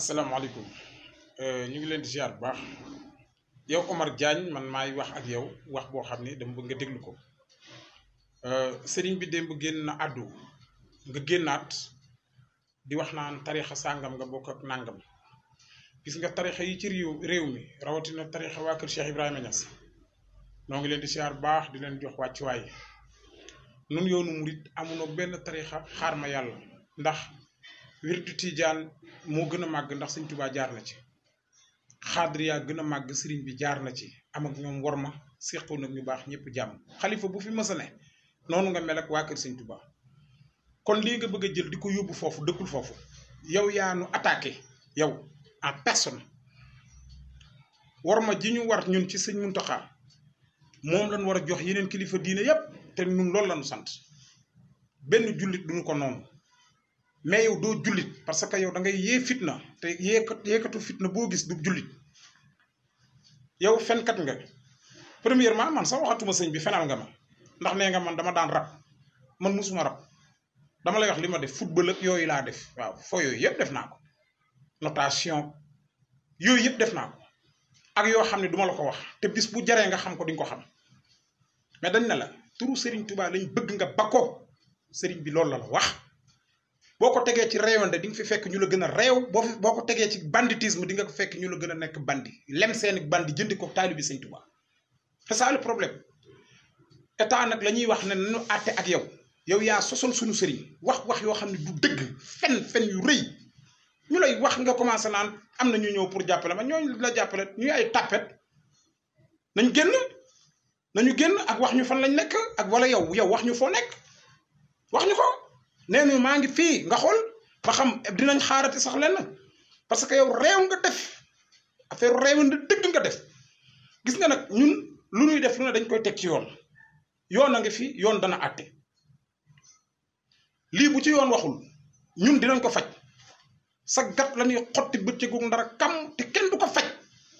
asalaamaaleykum euh, ñu ngi leen di ziar bu baax yow Omar Diagne man maay wax ak yow wax boo xam ne dama bëgg nga déglu ko euh, sëriñ bi démb génn na àddu nga génnaat di wax naan tarixa sàngam nga bokk ak nàngam gis nga tarixa yi ci réew réew mi rawatina tarixa waa kër Cheikh Ibrahima Niass noo ngi leen di ziar bu baax di leen jox wàccuwaay nun yoonu murit amuno benn tarixa xaar ma yàlla ndax. wirdu tijaan moo gën a màgg ndax sëñ tubaa jaar na ci xaadriya gën a màgg sëriñ bi jaar na ci am ak ñoom war ma séqoon nag ñu baax ñëpp jàmm xalifa bu fi mës noonu nga mel ak waa kër sëñ tubaa kon lii nga bëgg a jël di ko yóbbu foofu dëkkul foofu yow yaa nu attaqué yow en personne war ma ji ñu war ñun ci sëñ Muntaxa moom lañ war a jox yeneen kilifa diine yépp te ñun loolu lañu sant benn jullit duñu ko noonu mais yow doo jullit parce que yow da ngay yee fitna te yeekat yeekatu fitna boo gis du jullit yow fenkat nga premièrement man sax waxatuma sëñ bi fenal nga ma ndax nee nga man dama daan rab man musuma rab dama lay wax li ma def football yooyu laa def waaw foo yooyu yëpp def naa ko notation yooyu yëpp def naa ko ak yoo xam ne duma la ko wax te bis bu jaree nga xam ko duñ ko xam mais dañ ne la turu Serigne Touba lañ bëgg nga bakko Serigne bi loolu la wax. boo ko tegee ci rayonde di nga fi fekk ñu la gën a réew boo fi boo ko tegee ci banditisme di nga ñu la gën a nekk bandi lem seeni bandi jëndi ko taalibi Sëñ Tuubaa c'est saa le problème état nag la ñuy wax ne nañu àtte ak yow yow yaa sosol suñu sëriñ wax wax yoo xam ne du dëgg fen fen yu rëy ñu lay wax nga commencé naan am na ñu ñëw pour jàppale ma ñooñu la jàppale ñu ay tàppet nañ génn nañu génn ak wax ñu fan lañ nekk ak wala yow yow wax ñu foo nekk wax ñu ko. nee nañu maa ngi fii nga xool ba xam dinañ xaarati sax lenn parce que yow réew nga def affaire réew na dëgg nga def gis nga nag ñun lu ñuy def lu ne dañ koy teg ci yoon yoon a ngi fi yoon dana àtte lii bu ci yoon waxul ñun dinañ ko faj sa gat la ñuy xotti bëccëgu ndara kam te kenn du ko faj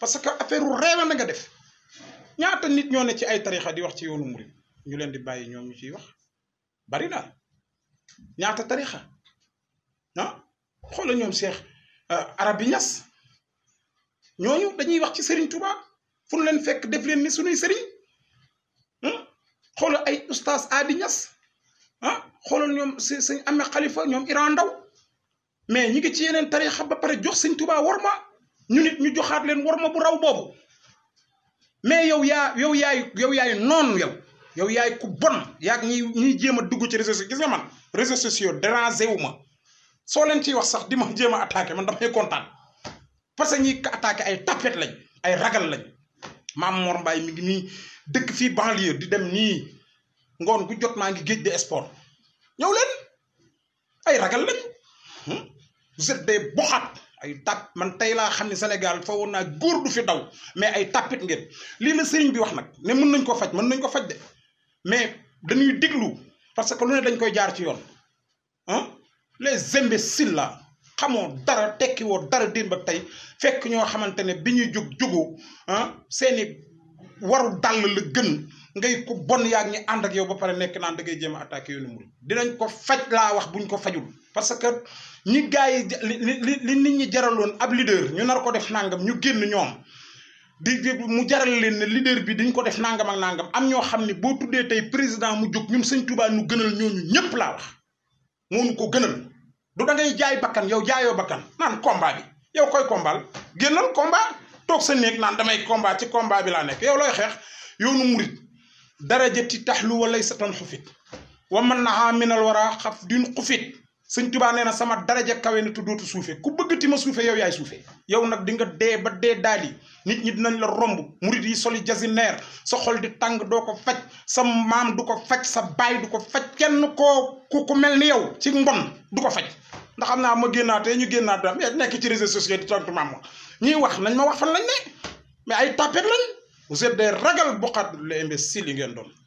parce que affaire réew na nga def ñaata nit ñoo ne ci ay tarixa di wax ci yoonu murid ñu leen di bàyyi ñoom ñu ciy wax bari naa ñaata tarixa ah xoola ñoom seex euh, arabi ñas ñooñu dañuy wax ci sëriñ Touba fu nu leen fekk def leen ni suñuy Serigne xoola ay ustaas aadi ñas ah xoolal ñoom sëñ ame xalifa ñoom Iran Ndaw mais ñi ngi ci yeneen tarixa ba pare jox Serigne Touba war ma ñu nit ñu joxaat leen war ma bu raw boobu mais yow yaa yow yaay yow yaay noonu yow yow yaay ku bon yaa ñi ñiy jéem a dugg ci réseaux gis man réseaux sociaux dérangé wu ma soo leen ciy wax sax di ma jéem a attaqué man damay kontaan parce que nii ko attaqué ay tapet lañ ay ragal lañ maam Mor Mbaye mi ngi nii dëkk fii banlieue di dem nii ngoon gu jot maa ngi géej de sport ñëw leen ay ragal lañ hmm? vous êtes des boxat ay tap man tey laa xam ne Sénégal fa woon naa góor du fi daw mais ay tapit ngeen lii ne sëriñ bi wax nag ne mën nañ koo faj mën nañ ko faj de. mais dañuy déglu parce que lu ne dañ koy jaar ci yoon ah les imbéciles là xamoo dara tekki woo dara din ba tey fekk ñoo xamante ne bi ñuy jug jugu ah seeni waru dàll la gën ngay ku bon yaag ñi ànd ak yow ba pare nekk naan da ngay jéem a attaqué yoonu murid dinañ ko faj laa wax buñ ko fajul parce que ñi gars yi li li nit ñi jaraloon ab leader ñu nar ko def nangam ñu génn ñoom di mu jaral leen ne leader bi dañ ko def nangam ak nangam am ñoo xam ne boo tuddee tey président mu jóg ñun sëñ Tuubaa nu gënal ñooñu ñëpp laa wax moo ñu ko gënal du da ngay jaay bakkan yow jaayoo bakkan naan combat bi yow koy combat génnal combat toog sa néeg naan damay combat ci combat bi laa nekk yow lay xeex yoonu murit darajati taxlu walay sa tan xufit wa man nahaa minal wara xaf din xufit sëñ tubaa nee na sama daraja kawe na tuddootu suufee ku bëgg bëggati ma suufe yow yaay suufe yow nag di nga dee ba dee daali nit ñi dinañ la romb murit yi soli jasineer sa xol di tàng doo ko faj sa maam du ko faj sa baay du ko faj kenn koo ku ku mel ni yow ci mbon du ko faj ndax xam naa ma génnaatee ñu génnaat daal nekk ci réseaux sociaux di tontu maam ñuy wax nañ ma wax fan lañ ne mais ay tapet lañ vous êtes des ragal boqat les si li ngeen doon